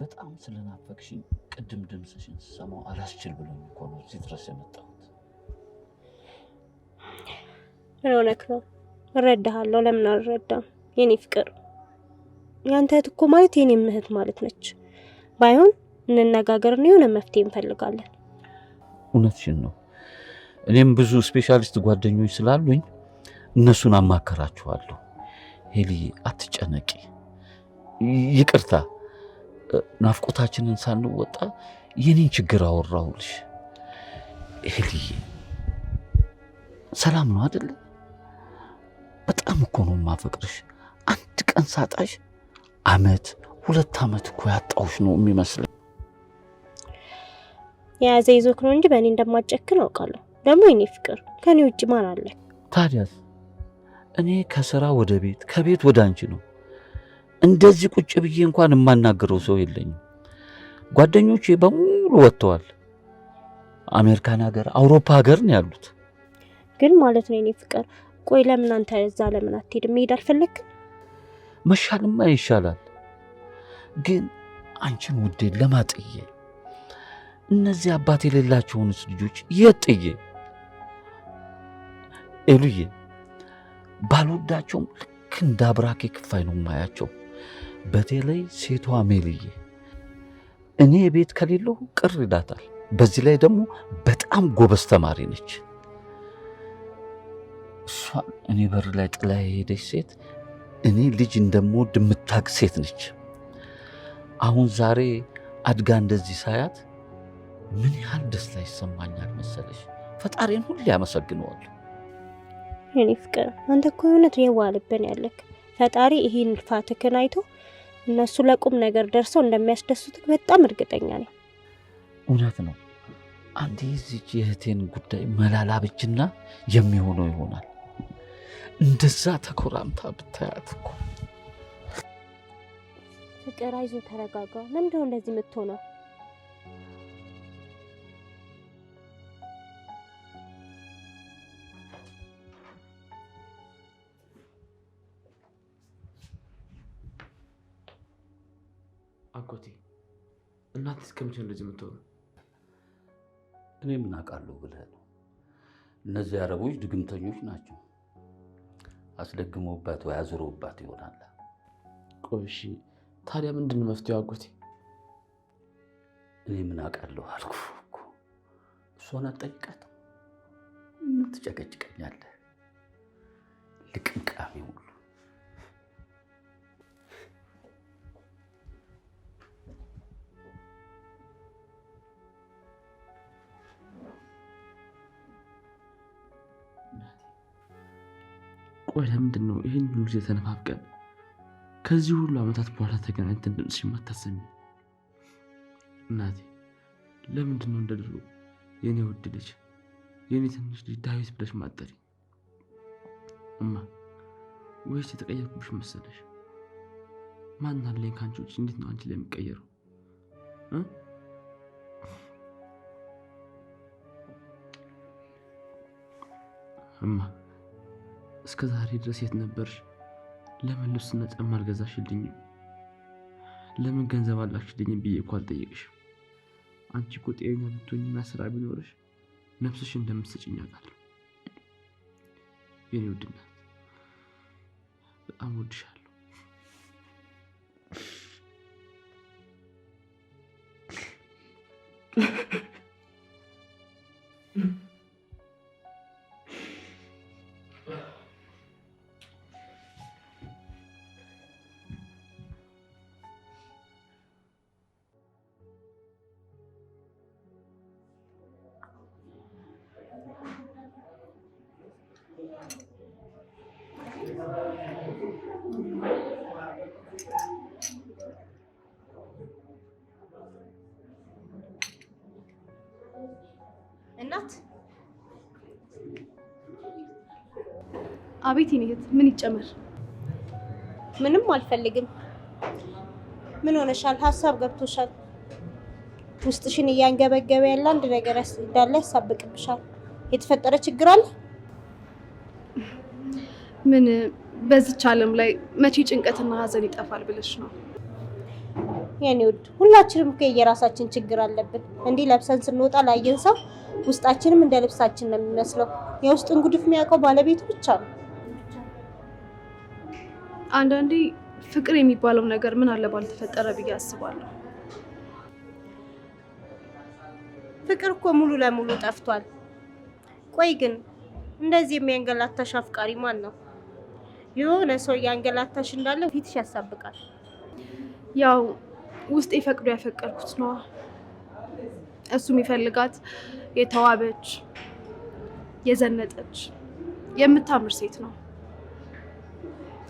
በጣም ስለናፈቅሽኝ ቅድም ድምፅሽን ስሰማው አላስችል ብሎ እኮ ነው እዚህ ድረስ የመጣሁት። ነው? እረዳሃለሁ። ለምን አልረዳም? የኔ ፍቅር፣ ያንተ እህት እኮ ማለት የኔም እህት ማለት ነች። ባይሆን እንነጋገርና የሆነ መፍትሄ እንፈልጋለን። እውነትሽን ነው። እኔም ብዙ ስፔሻሊስት ጓደኞች ስላሉኝ እነሱን አማከራችኋለሁ። ሄሊ፣ አትጨነቂ። ይቅርታ ናፍቆታችንን ሳንወጣ የኔን ችግር አወራሁልሽ። እህልዬ ሰላም ነው አደለ? በጣም እኮ ነው የማፈቅርሽ። አንድ ቀን ሳጣሽ አመት ሁለት አመት እኮ ያጣሁሽ ነው የሚመስለ። የያዘ ይዞክ ነው እንጂ በእኔ እንደማጨክን አውቃለሁ። ደግሞ የኔ ፍቅር ከኔ ውጭ ማን አለ? ታዲያስ እኔ ከስራ ወደ ቤት ከቤት ወደ አንቺ ነው እንደዚህ ቁጭ ብዬ እንኳን የማናገረው ሰው የለኝም። ጓደኞቼ በሙሉ ወጥተዋል። አሜሪካን ሀገር፣ አውሮፓ ሀገር ነው ያሉት። ግን ማለት ነው የኔ ፍቅር፣ ቆይ ለምን አንተ እዛ ለምን አትሄድም? መሄድ አልፈለግም? መሻልማ ይሻላል። ግን አንቺን ውዴ ለማጥዬ እነዚህ አባት የሌላቸውንስ ልጆች የጥዬ ኤሉዬ ባልወዳቸውም ልክ እንደ አብራኬ ክፋይ ነው ማያቸው። በተለይ ሴቷ ሜልዬ እኔ ቤት ከሌለው ቅር ይላታል። በዚህ ላይ ደግሞ በጣም ጎበዝ ተማሪ ነች። እሷን እኔ በር ላይ ጥላ የሄደች ሴት እኔ ልጅ እንደምወድ የምታውቅ ሴት ነች። አሁን ዛሬ አድጋ እንደዚህ ሳያት ምን ያህል ደስታ ይሰማኛል መሰለሽ። ፈጣሪን ሁሌ ያመሰግነዋል። የኔ ፍቅር አንተ እኮ የእውነት የዋልብን ያለክ ፈጣሪ ይህን ልፋትህን አይቶ እነሱ ለቁም ነገር ደርሰው እንደሚያስደስቱ በጣም እርግጠኛ ነኝ። እውነት ነው። አንዴ ዚች የእህቴን ጉዳይ ብችና የሚሆነው ይሆናል። እንደዛ ተኮራምታ ብታያት እኮ ፍቅር፣ አይዞ ተረጋጋ። ለምንድነው እንደዚህ የምትሆነው? አጎቴ፣ እናንተ እስከመቼ እንደዚህ የምትሆኑ? እኔ ምን አውቃለሁ ብለህ ነው። እነዚህ አረቦች ድግምተኞች ናቸው። አስደግመውባት ወይ አዙረውባት ይሆናል። ቆሺ፣ ታዲያ ምንድን ነው መፍትሄው አጎቴ? እኔ ምን አውቃለሁ አልኩ እኮ። እሷን አትጠይቃትም። ምን ትጨቀጭቀኛለህ? ልቅምቃሚ ሁሉ ቆይ ለምንድን ነው ይህን ሁሉ ጊዜ ተነፋፍቀን ከዚህ ሁሉ ዓመታት በኋላ ተገናኝተን ድምፅሽ የማታሰሚ? እናቴ ለምንድን ነው እንደድሮ የእኔ ውድ ልጅ፣ የእኔ ትንሽ ልጅ ዳዊት ብለሽ ማጠሪ? እማ ወይስ የተቀየርኩብሽ መሰለሽ? ማን አለኝ ከአንቺ ውጭ? እንዴት ነው አንቺ ለሚቀየሩ እማ እስከ ዛሬ ድረስ የት ነበርሽ? ለምን ልብስና ጫማ አልገዛሽልኝም? ለምን ገንዘብ አላክሽልኝም ብዬ እኮ አልጠየቅሽም። አንቺ እኮ ጤነኛ ብትሆኝና ስራ ቢኖርሽ ነፍስሽ እንደምትሰጭኝ አውቃለሁ። የኔ ውድናት በጣም ወድሻለሁ። አቤት የኔ ምን ይጨመር? ምንም አልፈልግም። ምን ሆነሻል? ሀሳብ ገብቶሻል። ውስጥሽን እያንገበገበ ያለ አንድ ነገር እንዳለ ያሳብቅብሻል። የተፈጠረ ችግር አለ? ምን በዚች ዓለም ላይ መቼ ጭንቀትና ሀዘን ይጠፋል ብለሽ ነው? የኔ ውድ ሁላችንም እኮ የራሳችን ችግር አለብን። እንዲህ ለብሰን ስንወጣ ላየን ሰው ውስጣችንም እንደ ልብሳችን ነው የሚመስለው። የውስጥን ጉድፍ የሚያውቀው ባለቤቱ ብቻ ነው። አንዳንዴ ፍቅር የሚባለው ነገር ምን አለ ባልተፈጠረ ብዬ አስባለሁ። ፍቅር እኮ ሙሉ ለሙሉ ጠፍቷል። ቆይ ግን እንደዚህ የሚያንገላታሽ አፍቃሪ ማን ነው? የሆነ ሰው እያንገላታሽ እንዳለው ፊትሽ ያሳብቃል። ያው ውስጤ ፈቅዶ ያፈቀርኩት ነዋ። እሱም ይፈልጋት የተዋበች የዘነጠች የምታምር ሴት ነው።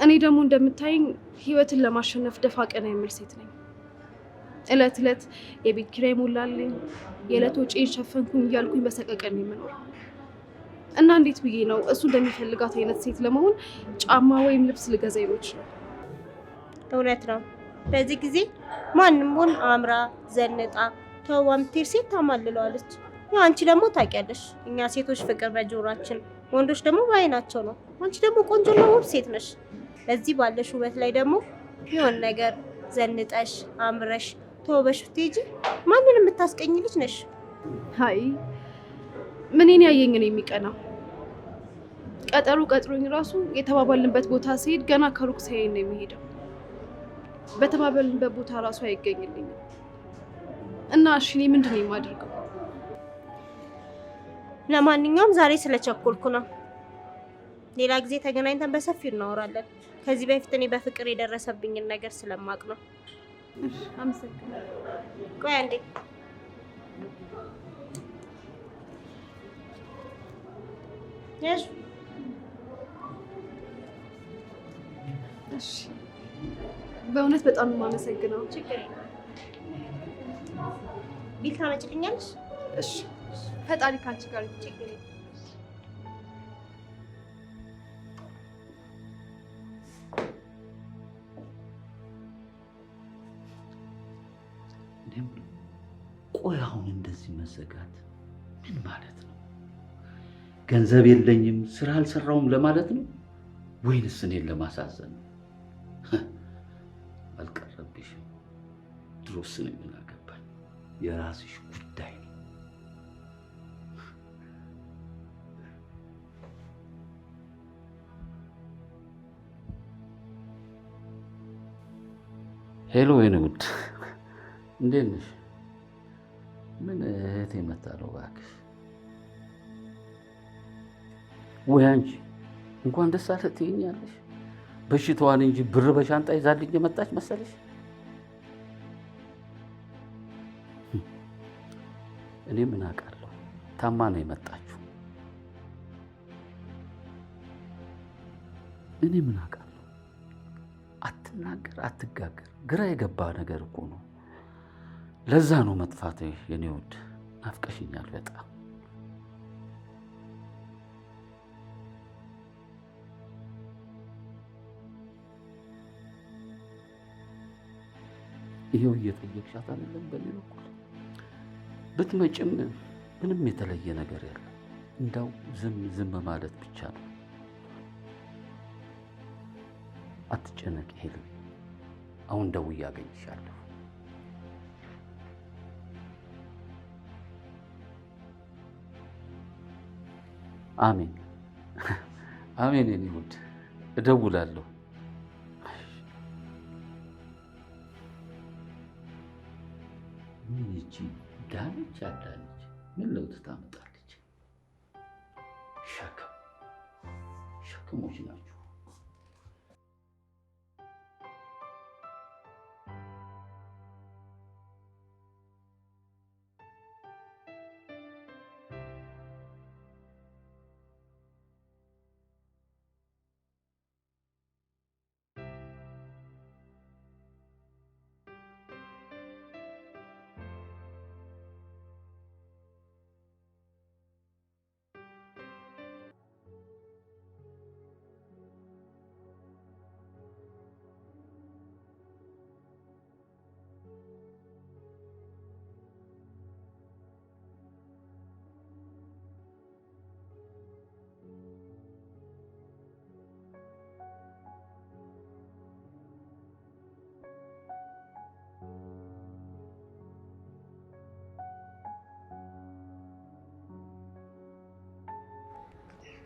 እኔ ደግሞ እንደምታይኝ ህይወትን ለማሸነፍ ደፋ ቀና የምል ሴት ነኝ። እለት እለት የቤት ኪራይ ሞላለኝ፣ የዕለት ወጪ የሸፈንኩኝ እያልኩኝ በሰቀቀን የምኖር እና እንዴት ብዬ ነው እሱ እንደሚፈልጋት አይነት ሴት ለመሆን ጫማ ወይም ልብስ ልገዛ ይሎች ነው? እውነት ነው። በዚህ ጊዜ ማንም ሆን አምራ ዘንጣ ተውባ ምትሄድ ሴት ታማልለዋለች። አንቺ ደግሞ ታውቂያለሽ፣ እኛ ሴቶች ፍቅር በጆሯችን፣ ወንዶች ደግሞ በአይናቸው ነው። አንቺ ደግሞ ቆንጆና ውብ ሴት ነሽ። በዚህ ባለሽ ውበት ላይ ደግሞ የሆን ነገር ዘንጠሽ አምረሽ ተውበሽ ብትሄጂ ማንን የምታስቀኝ ልጅ ነሽ? አይ ምንን ያየኝ ነው የሚቀናው? ቀጠሮ ቀጥሮኝ ራሱ የተባባልንበት ቦታ ሲሄድ ገና ከሩቅ ሳይሄድ ነው የሚሄደው። በተባባልንበት ቦታ ራሱ አይገኝልኝም እና እሺ እኔ ምንድን ነው የማደርገው? ለማንኛውም ዛሬ ስለቸኮልኩ ነው። ሌላ ጊዜ ተገናኝተን በሰፊው እናወራለን። ከዚህ በፊት እኔ በፍቅር የደረሰብኝን ነገር ስለማቅ ነው። ቆይ አንዴ በእውነት በጣም የማመሰግነው ችግር ቢል ታመጭልኛለሽ? ፈጣሪ ጋር ችግር መዘጋት ምን ማለት ነው? ገንዘብ የለኝም ስራ አልሰራውም ለማለት ነው ወይንስ እኔን ለማሳዘን ነው? አልቀረብሽም። ድሮስ እኔ ምን አገባኝ? የራስሽ ጉዳይ ነው። ሄሎ፣ ወይን ውድ እንዴት ነሽ? ከየት የመጣ ነው እባክሽ? ወይ አንቺ እንኳን ደስ አለ ትይኛለሽ። በሽታዋን እንጂ ብር በሻንጣ ይዛልኝ የመጣች መሰለሽ? እኔ ምን አውቃለሁ? ታማ ነው የመጣችሁ። እኔ ምን አውቃለሁ? አትናገር፣ አትጋገር። ግራ የገባ ነገር እኮ ነው። ለዛ ነው መጥፋት የኔ ውድ ናፍቀሽኛል በጣም ይሄው እየጠየቅሻት አይደለም። በእኔ በኩል ብትመጭም ምንም የተለየ ነገር የለም። እንዳው ዝም ዝም ማለት ብቻ ነው። አትጨነቅ ሄሉ፣ አሁን ደውዬ አገኝሻለሁ። አሜን አሜን። የኔ ውድ እደውላለሁ። ምን ይቺ ዳነች አዳነች ምን ለውጥ ታመጣል?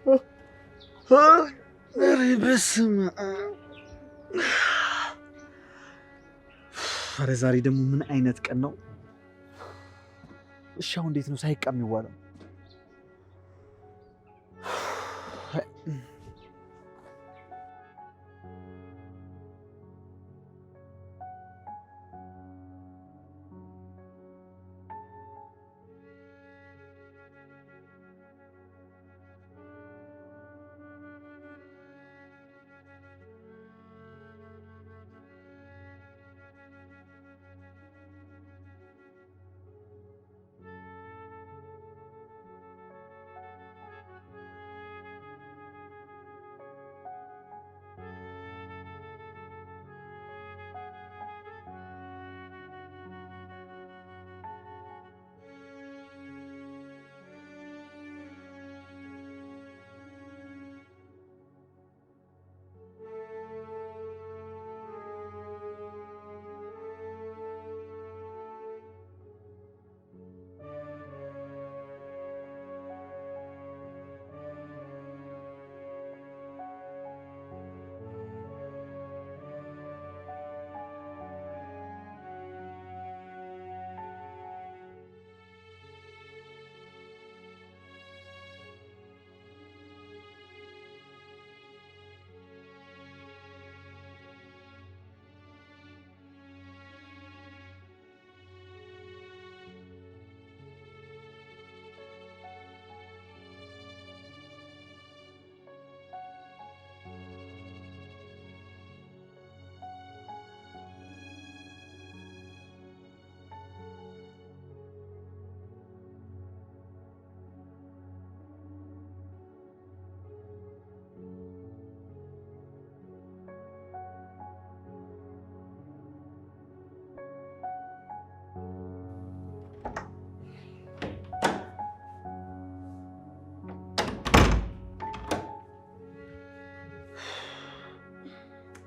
ኧረ በስመ አብ! ኧረ ዛሬ ደግሞ ምን አይነት ቀን ነው? እሺ አሁን እንዴት ነው ሳይቃም ይዋለው?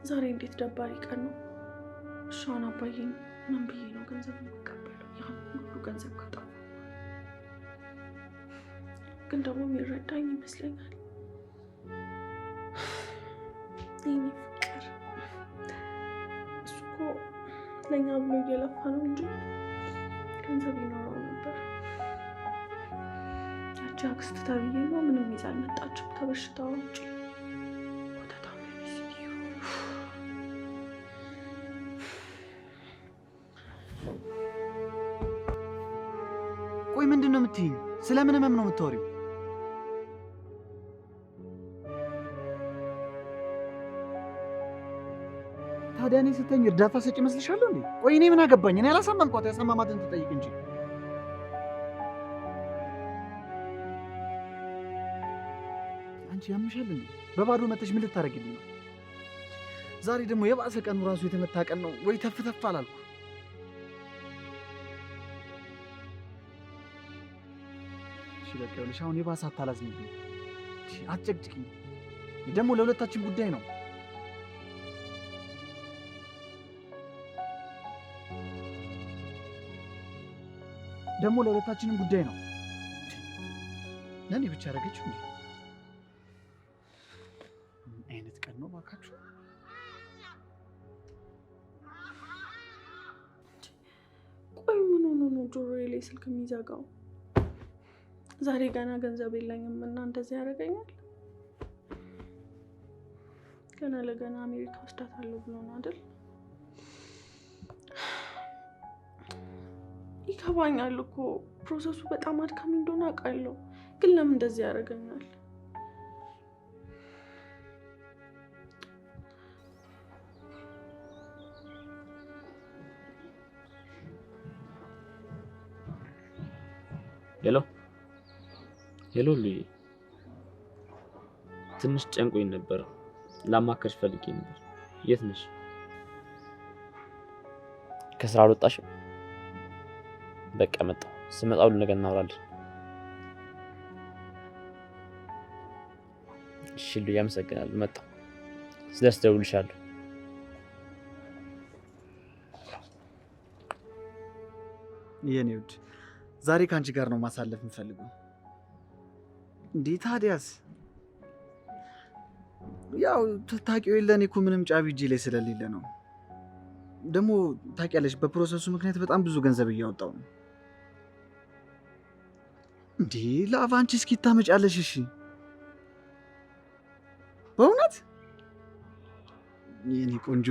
ዛሬ እንዴት ደባሪ ቀን ነው። እሻውን አባዬን ምን ብዬ ነው ገንዘብ የሚቀበለው? ያ ሁሉ ገንዘብ ከጣ ግን ደግሞ የሚረዳኝ ይመስለኛል። ይህ ፍቅር እሱ እኮ ለእኛ ብሎ እየለፋ ነው እንጂ ገንዘብ ይኖረው ነበር። ያቺ አክስት ተብዬ ነው ምንም ይዛ አልመጣችም ከበሽታው ውጭ ስለምን ህመም ነው የምታወሪው? ታዲያ እኔ ስተኝ እርዳታ ሰጪ እመስልሻለሁ እንዴ? ቆይ እኔ ምን አገባኝ? እኔ አላሳመምኳት። ያሳመማትን ትጠይቅ እንጂ አንቺ ያምሻል እንዴ? በባዶ መተሽ ምን ልታደርጊልኝ ነው? ዛሬ ደግሞ የባሰ ቀኑ ራሱ የተመታ ቀን ነው። ወይ ተፍ ተፍ አላልኩ በቃ ይኸውልሽ፣ አሁን የባሰ አታላዝኝብኝ፣ አትጨቅጭቅኝ። ደግሞ ለሁለታችን ጉዳይ ነው። ደግሞ ለሁለታችንም ጉዳይ ነው። ለእኔ ብቻ ያደረገችው እንዴ? ምን አይነት ቀን ነው እባካችሁ? ቆይ ምን ሆኖ ነው ጆሮዬ ላይ ስልክ የሚዘጋው? ዛሬ ገና ገንዘብ የለኝም እና እንደዚህ ያደርገኛል። ገና ለገና አሜሪካ ወስዳታለሁ ብሎ ነው አይደል? ይገባኛል እኮ ፕሮሰሱ በጣም አድካሚ እንደሆነ አውቃለሁ፣ ግን ለምን እንደዚህ ያደርገኛል? ሄሎ ሄሎ ሉዬ፣ ትንሽ ጨንቆኝ ነበር። ላማከርሽ ፈልጌ ነበር። የት ነሽ? ከስራ አልወጣሽም? በቃ መጣሁ። ስመጣ ሁሉ ነገር እናወራለን። እሺ ሉዬ፣ አመሰግናለሁ። መጣሁ። ስለስደውልሻለሁ። የኔ ውድ ዛሬ ከአንቺ ጋር ነው ማሳለፍ የምፈልገው። እንዴ ታዲያስ ያው ታውቂው የለ እኔ እኮ ምንም ጫቢ እጄ ላይ ስለሌለ ነው። ደግሞ ታውቂያለሽ በፕሮሰሱ ምክንያት በጣም ብዙ ገንዘብ እያወጣው ነው። እንዴ ለአባ አንቺ እስኪ ታመጫለሽ? እሺ በእውነት የኔ ቆንጆ፣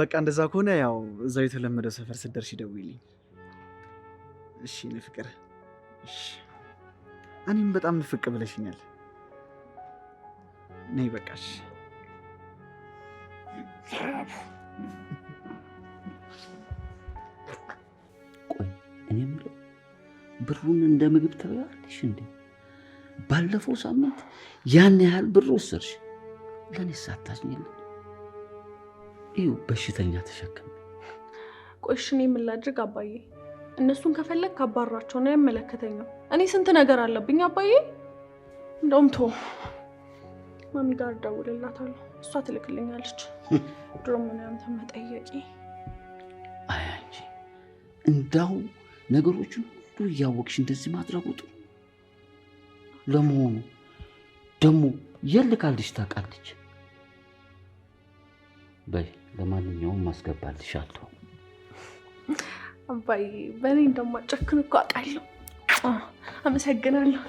በቃ እንደዛ ከሆነ ያው እዛው የተለመደው ሰፈር ስደርሽ ደውይልኝ እሺ? እኔ ፍቅር እሺ እኔም በጣም ፍቅ ብለሽኛል። ነይ በቃሽ። ቆይ እኔ የምለው ብሩን እንደ ምግብ ትበያለሽ እንዴ? ባለፈው ሳምንት ያን ያህል ብር ወሰድሽ፣ ለእኔ ሳታዝኝልኝ ይኸው በሽተኛ ተሸክም። ቆይ እሺ እኔ ምን አባዬ? እነሱን ከፈለግ ካባራቸው ነው ያመለከተኛው እኔ ስንት ነገር አለብኝ አባዬ። እንደውም ቶ ማሚ ጋር እደውልላታለሁ፣ እሷ ትልክልኛለች። ድሮ ምን አንተ መጠየቂ አያንቺ እንዳው ነገሮችን ሁሉ እያወቅሽ እንደዚህ ማድረጉ ጥሩ። ለመሆኑ ደግሞ የልካልሽ ታውቃለች? በይ ለማንኛውም ማስገባልሽ አለሁ። አባዬ በእኔ እንደማጨክን እኮ አውቃለሁ። አመሰግናለሁ።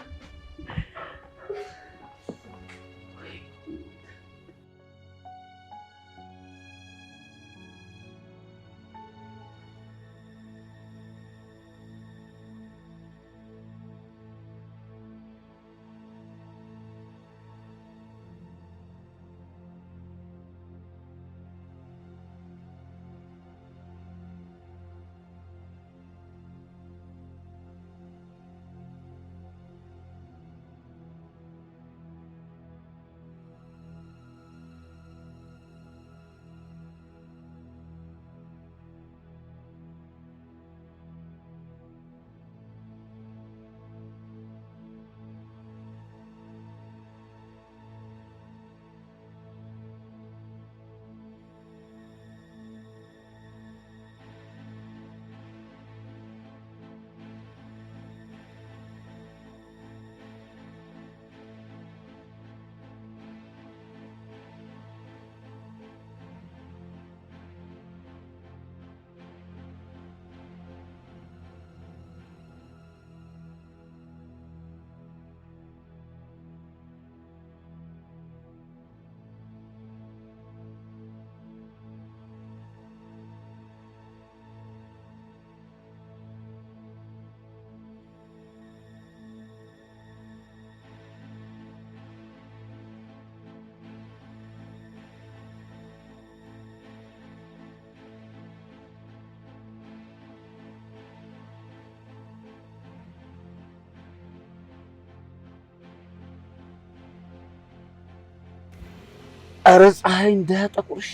ኧረ ፀሐይ እንዳያጠቁርሽ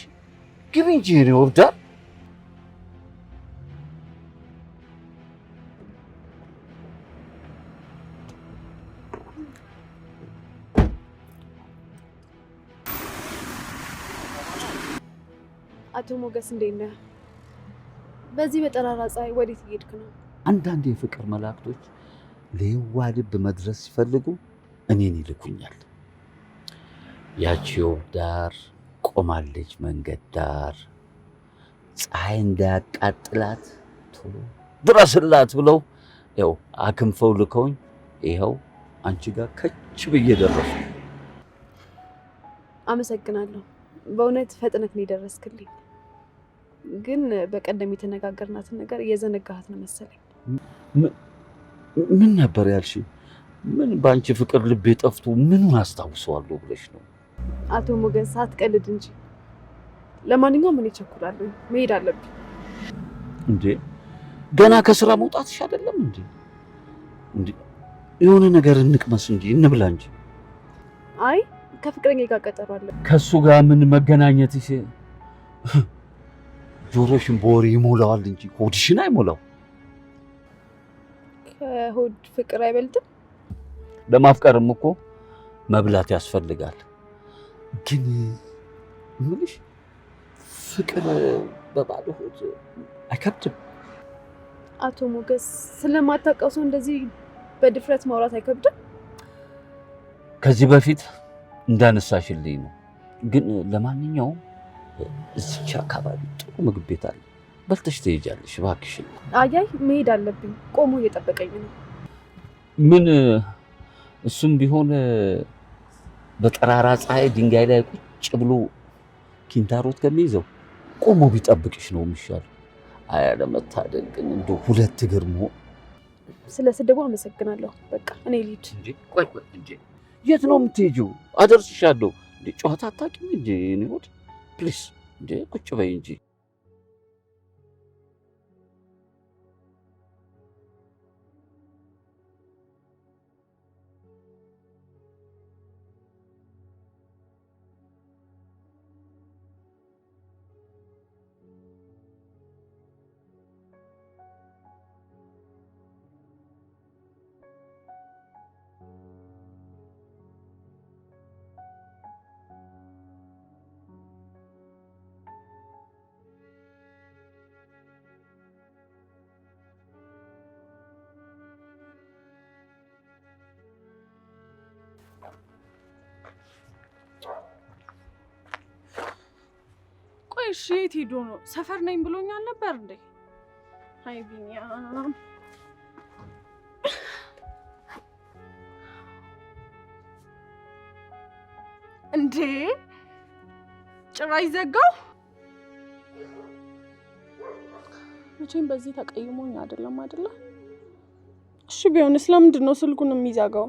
ግቢ እንጂ የእኔ ወብዳር። አቶ ሞገስ እንዴት ነህ? በዚህ በጠራራ ፀሐይ ወዴት እየሄድክ ነው? አንዳንድ የፍቅር መላእክቶች ለየዋ ልብ መድረስ ሲፈልጉ እኔን ይልኩኛል። ያች ዳር ቆማለች መንገድ ዳር ፀሐይ እንዳያቃጥላት ቶሎ ድረስላት ብለው ያው አክንፈው ልከውኝ ይኸው አንቺ ጋር ከች ብዬ ደረሱ። አመሰግናለሁ። በእውነት ፈጥነት ነው የደረስክልኝ። ግን በቀደም የተነጋገርናትን ነገር የዘነጋሃት ነው መሰለኝ። ምን ነበር ያልሽ? ምን በአንቺ ፍቅር ልቤ ጠፍቶ ምኑን አስታውሰዋለሁ ብለሽ ነው? አቶ ሞገስ ሳትቀልድ እንጂ። ለማንኛውም እኔ እቸኩላለሁ፣ መሄድ አለብኝ። እንዴ ገና ከስራ መውጣትሽ አይደለም እንዴ? የሆነ ነገር እንቅመስ እንጂ እንብላ እንጂ። አይ ከፍቅረኛ ጋር ቀጠሮ አለ። ከሱ ጋር ምን መገናኘትሽ? ጆሮሽን በወሬ ይሞላዋል እንጂ ሆድሽን አይሞላው። ከሆድ ፍቅር አይበልጥም። ለማፍቀርም እኮ መብላት ያስፈልጋል። ግን ምንሽ ፍቅር በባዶ ሆድ አይከብድም? አቶ ሞገስ ስለማታውቀው ሰው እንደዚህ በድፍረት ማውራት አይከብድም? ከዚህ በፊት እንዳነሳሽልኝ ነው። ግን ለማንኛውም እዚች አካባቢ ጥሩ ምግብ ቤት አለ፣ በልተሽ ትሄጃለሽ። እባክሽን። አያይ መሄድ አለብኝ፣ ቆሞ እየጠበቀኝ ነው። ምን እሱም ቢሆን በጠራራ ፀሐይ ድንጋይ ላይ ቁጭ ብሎ ኪንታሮት ከሚይዘው ቆሞ ቢጠብቅሽ ነው የሚሻለው። አያ ለመታደል ግን እንደ ሁለት እግር መሆን። ስለ ስድቡ አመሰግናለሁ። በቃ እኔ ልጅ እንጂ። ቆይ ቆይ እንጂ የት ነው የምትሄጂው? አደርስሻለሁ። ጨዋታ አታውቂም እንጂ ኔ ፕሊስ እንዴ ቁጭ በይ እንጂ እሺ፣ የት ሄዶ ነው? ሰፈር ነኝ ብሎኛል ነበር እንዴ? አይ ቢኒያም እንዴ ጭራ ይዘጋው? መቼም በዚህ ተቀይሞኝ አይደለም አይደለ? እሺ ቢሆንስ ለምንድን ነው ስልኩን የሚዘጋው?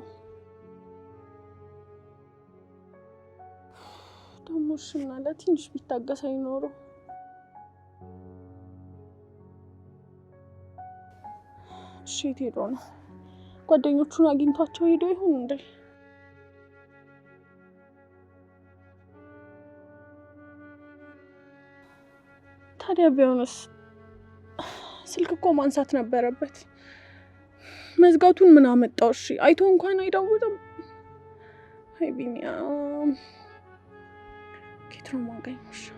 ደግሞ እሱና ለትንሽ ቢታገስ አይኖሩ እሺ፣ የት ሄዶ ነው? ጓደኞቹን አግኝቷቸው ሄዶ ይሁን እንዴ? ታዲያ ቢሆንስ? ስልክ እኮ ማንሳት ነበረበት። መዝጋቱን ምን አመጣው? እሺ አይቶ እንኳን አይደውልም። አይ ቢኒያም 就是我跟你说。